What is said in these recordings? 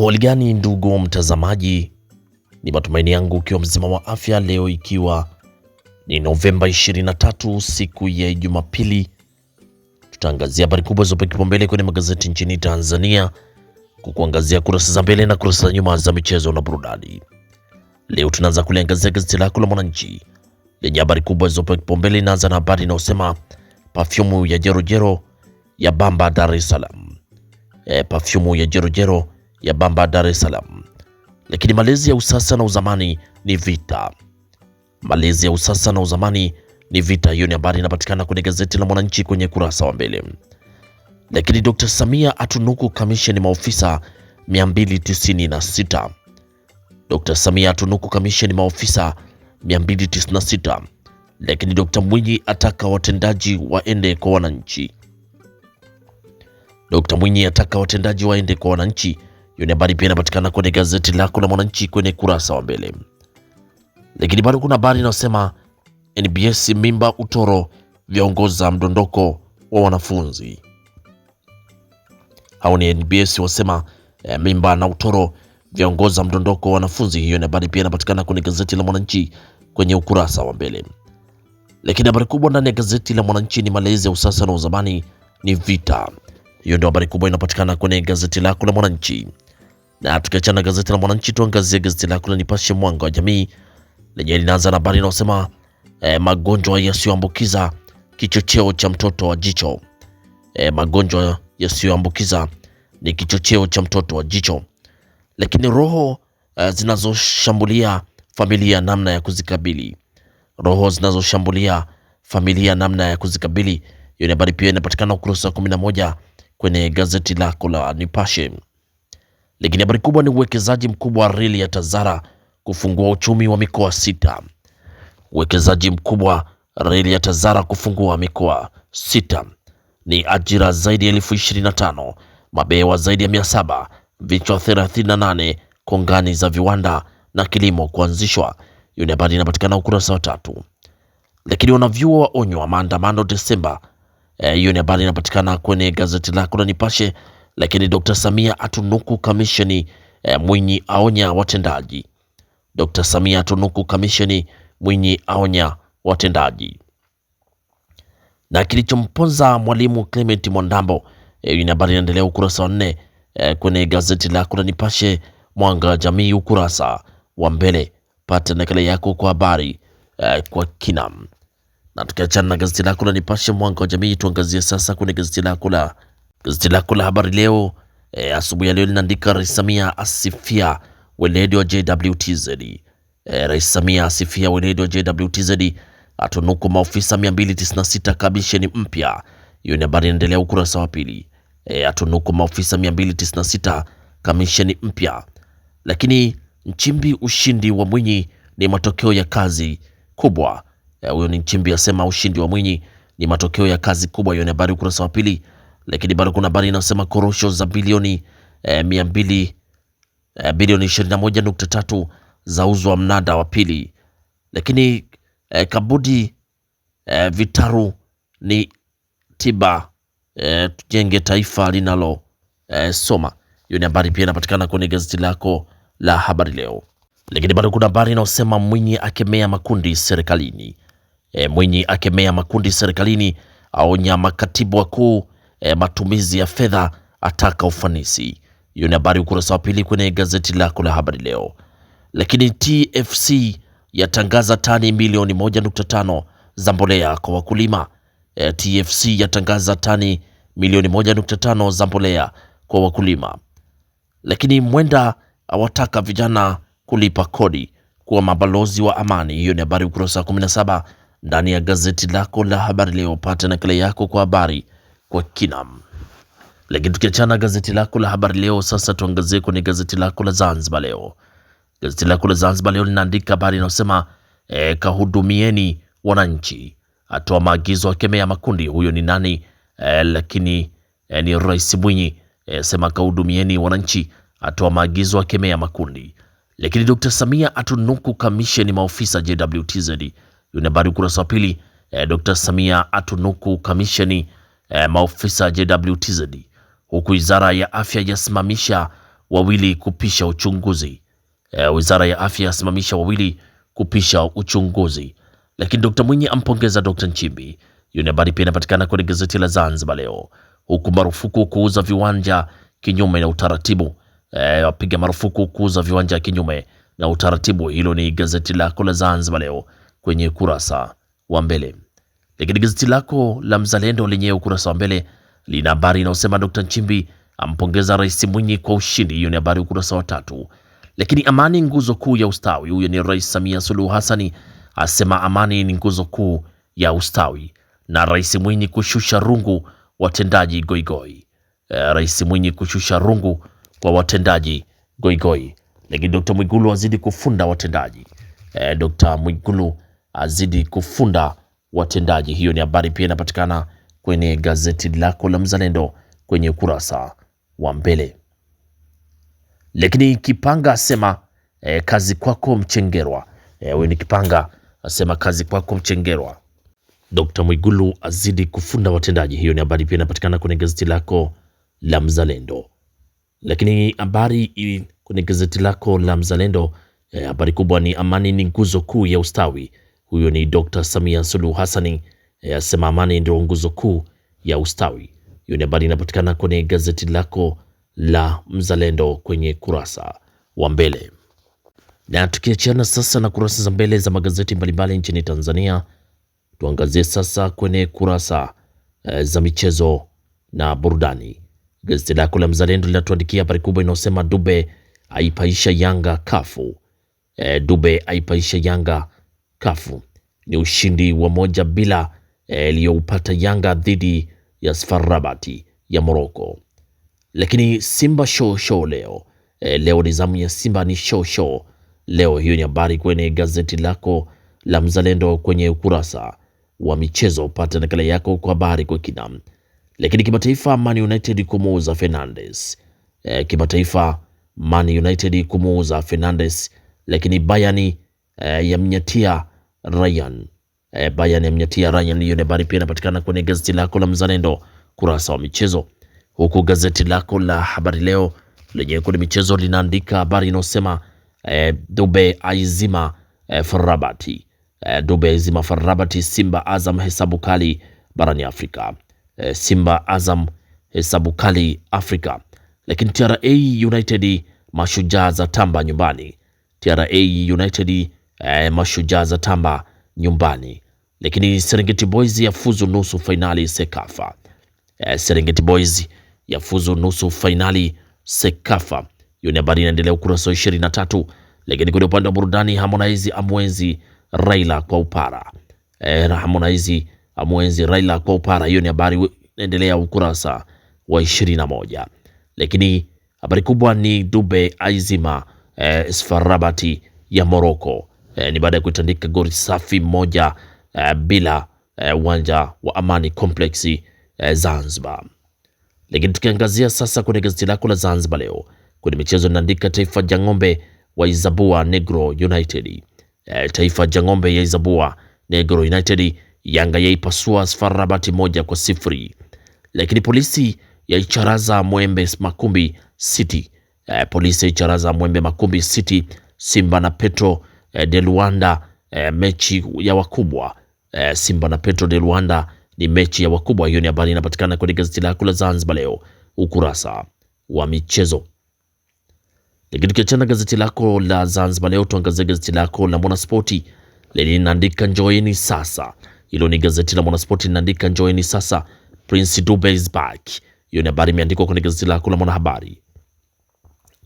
Uhaligani ndugu mtazamaji, ni matumaini yangu ukiwa mzima wa afya leo, ikiwa ni Novemba 23 siku ya Jumapili, tutaangazia habari kubwa zopewa kipaumbele kwenye magazeti nchini Tanzania, kukuangazia kurasa za mbele na kurasa za nyuma za michezo na burudani. Leo tunaanza kuliangazia gazeti lako la Mwananchi lenye habari kubwa zopewa kipaumbele. Inaanza na habari inayosema pafyumu ya jerojero ya bamba Dar es Salaam. Eh, e, pafyumu ya jerojero ya Bamba, Dar es Salaam. Lakini malezi ya usasa na uzamani ni vita. Malezi ya usasa na uzamani ni vita. Hiyo ni habari inapatikana kwenye gazeti la Mwananchi kwenye kurasa wa mbele. Lakini Dr. Samia atunuku kamisheni maofisa 296. Dr. Samia atunuku kamisheni maofisa 296. Lakini Dr. Mwinyi ataka watendaji waende kwa wananchi. Dr. Mwinyi ataka watendaji waende kwa wananchi hiyo ni habari pia inapatikana kwenye gazeti lako la Mwananchi kwenye kurasa wa mbele, lakini bado kuna habari inayosema NBS mimba utoro vyaongoza mdondoko wa wanafunzi. Hao ni NBS wasema eh, mimba na utoro vyaongoza mdondoko wa wanafunzi. Hiyo ni habari pia inapatikana kwenye gazeti la Mwananchi kwenye ukurasa wa mbele, lakini habari kubwa ndani ya gazeti la Mwananchi ni malezi ya usasa na uzamani ni vita. Hiyo ndio habari kubwa inapatikana kwenye gazeti lako la Mwananchi. Na tukiachana na gazeti la Mwananchi, tuangazie gazeti lako la Nipashe Mwanga wa Jamii lenye linaanza na habari inayosema e, magonjwa yasiyoambukiza kichocheo cha mtoto wa jicho. E, magonjwa yasiyoambukiza ni kichocheo cha mtoto wa jicho, lakini roho e, zinazoshambulia familia namna ya kuzikabili. Roho zinazoshambulia familia namna ya kuzikabili. Hiyo ni habari pia inapatikana ukurasa wa 11 kwenye gazeti lako la Nipashe. Lakini habari kubwa ni uwekezaji mkubwa wa reli ya Tazara kufungua uchumi wa mikoa sita. Uwekezaji mkubwa reli ya Tazara kufungua mikoa sita ni ajira zaidi ya elfu mabewa zaidi ya 700 vichwa 38 kongani za viwanda na kilimo kuanzishwa. Hiyo ni habari inapatikana ukurasa wa tatu. Lakini wanavyuo waonywa maandamano Desemba. Eh, hiyo e, ni habari inapatikana kwenye gazeti lako la Nipashe lakini Dr. Samia atunuku kamisheni e, Mwinyi aonya watendaji. Dr. Samia atunuku kamisheni Mwinyi aonya watendaji. Na kilichomponza mwalimu Clement Mwandambo eh, ina habari inaendelea ukurasa wa nne e, kwenye gazeti lako la Nipashe Mwanga wa Jamii ukurasa wa mbele. Pata nakala yako kwa habari e, kwa kinam. Na tukiachana na gazeti lako la Nipashe Mwanga wa Jamii, tuangazie sasa kwenye gazeti lako la Gazeti lako la habari leo e, asubuhi ya leo linaandika Rais Samia asifia weledi wa JWTZ. E, eh, Rais Samia asifia weledi wa JWTZ, atunuku maofisa 296 kamisheni mpya. Hiyo ni habari inaendelea ukurasa wa pili. E, atunuku maofisa 296 kamisheni mpya. Lakini Nchimbi, ushindi wa Mwinyi ni matokeo ya kazi kubwa. Huyo e, ni Nchimbi asema ushindi wa Mwinyi ni matokeo ya kazi kubwa. Hiyo ni habari ukurasa wa pili lakini bado kuna habari inasema korosho za bilioni eh, mia mbili eh, bilioni 21.3 za uzwa mnada wa pili, lakini eh, kabudi eh, vitaru ni tiba eh, tujenge taifa linalo eh, soma. Hiyo ni habari pia inapatikana kwenye gazeti lako la habari leo, lakini bado kuna habari inayosema Mwinyi akemea makundi serikalini. E, Mwinyi akemea makundi serikalini, aonya makatibu wakuu e, matumizi ya fedha ataka ufanisi. Hiyo ni habari ukurasa wa pili kwenye gazeti lako la habari leo. Lakini TFC yatangaza tani milioni 1.5 za mbolea kwa wakulima. E, TFC yatangaza tani milioni 1.5 za mbolea kwa wakulima. Lakini Mwenda awataka vijana kulipa kodi kuwa mabalozi wa amani. Hiyo ni habari ukurasa wa 17 ndani ya gazeti lako la habari leo. Pata nakala yako kwa habari kwa kina. Lakini tukiachana gazeti lako la habari leo, sasa tuangazie kwenye gazeti lako la Zanzibar leo. Gazeti lako la Zanzibar leo linaandika habari inayosema e, kahudumieni wananchi, atoa maagizo akemea makundi. Huyo ni nani? E, lakini e, ni Rais Mwinyi e, sema kahudumieni wananchi, atoa maagizo akemea makundi. Lakini Dr. Samia atunuku kamisheni maofisa JWTZ. Hiyo habari ukurasa wa pili. E, Dr. Samia atunuku kamisheni eh, maofisa JWTZ, huku wizara ya afya yasimamisha wawili kupisha uchunguzi eh, wizara ya afya yasimamisha wawili kupisha uchunguzi. Lakini Dr Mwinyi ampongeza Dr Nchimbi. Hiyo ni habari pia inapatikana kwenye gazeti la Zanzibar Leo, huku marufuku kuuza viwanja kinyume na utaratibu eh, wapiga marufuku kuuza viwanja kinyume na utaratibu. Hilo ni gazeti lako la Zanzibar Leo kwenye kurasa wa mbele. Lakini gazeti lako la Mzalendo lenye ukurasa wa mbele lina habari inayosema Dr. Nchimbi ampongeza Rais Mwinyi kwa ushindi. Hiyo ni habari ukurasa wa tatu. Lakini amani nguzo kuu ya ustawi, huyo ni Rais Samia Suluhu Hassan asema amani ni nguzo kuu ya ustawi, na Rais Mwinyi kushusha rungu watendaji goigoi. Eh, Rais Mwinyi kushusha rungu kwa watendaji goigoi. Lakini Dr. Mwigulu azidi kufunda watendaji. Eh, Dr. Mwigulu azidi kufunda watendaji. Hiyo ni habari pia inapatikana kwenye gazeti lako la Mzalendo kwenye ukurasa wa mbele. Lakini Kipanga asema e, kazi kwako Mchengerwa. Eh, huyu e, ni Kipanga asema kazi kwako Mchengerwa. Dkt Mwigulu azidi kufunda watendaji. Hiyo ni habari pia inapatikana kwenye gazeti lako la Mzalendo. Lakini habari kwenye gazeti lako la Mzalendo, eh, habari e, kubwa ni amani ni nguzo kuu ya ustawi huyo ni Dr. Samia Suluhu Hassani eh, asema amani ndio nguzo kuu ya ustawi. Hiyo ni habari inapatikana kwenye gazeti lako la Mzalendo kwenye kurasa wa mbele. Na tukiachana sasa na kurasa za mbele za magazeti mbalimbali nchini Tanzania, tuangazie sasa kwenye kurasa e, za michezo na burudani. Gazeti lako la Mzalendo linatuandikia habari kubwa inayosema Dube aipaisha Yanga kafu. E, Dube aipaisha Yanga kafu ni ushindi wa moja bila eh, iliyoupata Yanga dhidi ya Sfarabati ya Moroko. Lakini Simba show show leo e, leo ni zamu ya Simba ni show show leo. Hiyo ni habari kwenye gazeti lako la Mzalendo kwenye ukurasa wa michezo, upate nakala yako kwa habari kwa kina. Lakini kimataifa, Man United kumuuza Fernandes e, kimataifa Man United kumuuza Fernandes. Lakini Bayani e, yamnyatia Ryan. E, Bayern yamnyatia Ryan. Hiyo ni habari pia inapatikana kwenye gazeti lako la Mzalendo kurasa wa michezo, huku gazeti lako la Habari Leo lenye kwenye michezo linaandika habari inayosema e, Dube aizima e, Farabati e, Dube aizima Farabati. Simba Azam hesabu kali barani Afrika e, Simba Azam hesabu kali Afrika. Lakini TRA United mashujaa za tamba nyumbani. TRA United eh, mashujaa za tamba nyumbani, lakini Serengeti Boys yafuzu nusu fainali Sekafa. Eh, Serengeti Boys yafuzu nusu fainali Sekafa. Hiyo ni habari inaendelea ukurasa wa ishirini na tatu. lakini kwenye upande wa burudani Harmonize amwenzi Raila kwa upara. Eh, Harmonize amwenzi Raila kwa upara. Hiyo ni habari inaendelea ukurasa wa ishirini na moja. lakini habari kubwa ni Dube aizima eh, Sfarabati ya Moroko e, ni baada ya kuitandika gori safi moja e, bila eh, uwanja e, wa Amani Complex e, Zanzibar. Lakini tukiangazia sasa kwenye gazeti lako la Zanzibar leo kwenye michezo linaandika Taifa Jang'ombe waizabua Negro United. E, Taifa Jang'ombe yaizabua Negro United. Yanga yaipasua Sfar Rabat moja kwa sifuri. Lakini polisi yaicharaza Mwembe Makumbi City. E, polisi yaicharaza Mwembe Makumbi City. Simba na Petro eh, de Luanda eh, mechi ya wakubwa eh, Simba na Petro de Luanda ni mechi ya wakubwa. Hiyo ni habari inapatikana kwenye gazeti lako la Zanzibar Leo ukurasa wa michezo. Lakini tukiachana gazeti lako la Zanzibar Leo, tuangazie gazeti lako la Mwanaspoti lenye linaandika njoeni sasa. Hilo ni gazeti la Mwanaspoti linaandika njoeni sasa, Prince Dube is back. Hiyo ni habari imeandikwa kwenye gazeti lako la Mwanahabari,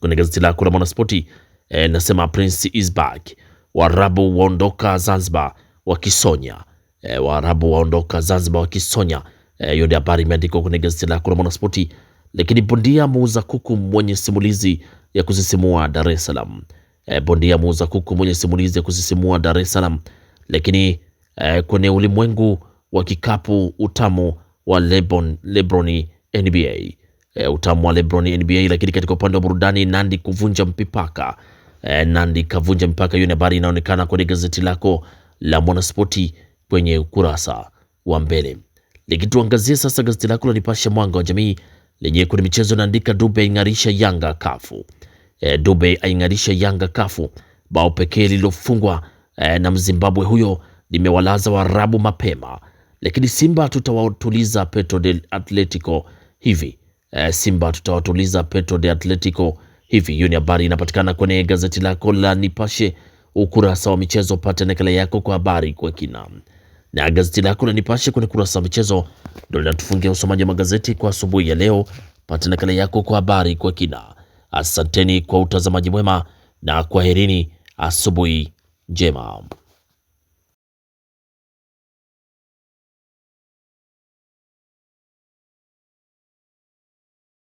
kwenye gazeti lako la Mwanaspoti eh, nasema Prince is back. Waarabu waondoka Zanzibar wakisonya e, Waarabu waondoka Zanzibar wakisonya e, hiyo e, ni habari imeandikwa kwenye gazeti lako la Mwanaspoti. Lakini bondia muuza kuku mwenye simulizi ya kusisimua Dar es Salaam e, bondia muuza kuku mwenye simulizi ya kusisimua Dar es Salaam. Lakini e, kwenye ulimwengu wa kikapu utamu wa Lebron, Lebroni NBA e, utamu wa Lebroni NBA. Lakini katika upande wa burudani Nandi kuvunja mpipaka eh, Nandi kavunja mipaka. Hiyo ni habari inaonekana kwenye gazeti lako la Mwanaspoti kwenye ukurasa wa mbele. Likituangazia sasa gazeti lako la Nipashe Mwanga wa Jamii lenye kwenye michezo naandika Dube aing'arisha Yanga kafu. E, Dube aing'arisha Yanga kafu. Bao pekee lililofungwa e, na Mzimbabwe huyo limewalaza Waarabu mapema. Lakini Simba tutawatuliza Petro de Atletico hivi. E, Simba tutawatuliza Petro de Atletico hivi. Hiyo ni habari inapatikana kwenye gazeti lako la Nipashe ukurasa wa michezo. Pata nakala yako kwa habari kwa kina na gazeti lako la Nipashe kwenye kurasa wa michezo ndio linatufungia usomaji wa magazeti kwa asubuhi ya leo. Pata nakala yako kwa habari kwa kina. Asanteni kwa utazamaji mwema na kwaherini, asubuhi njema.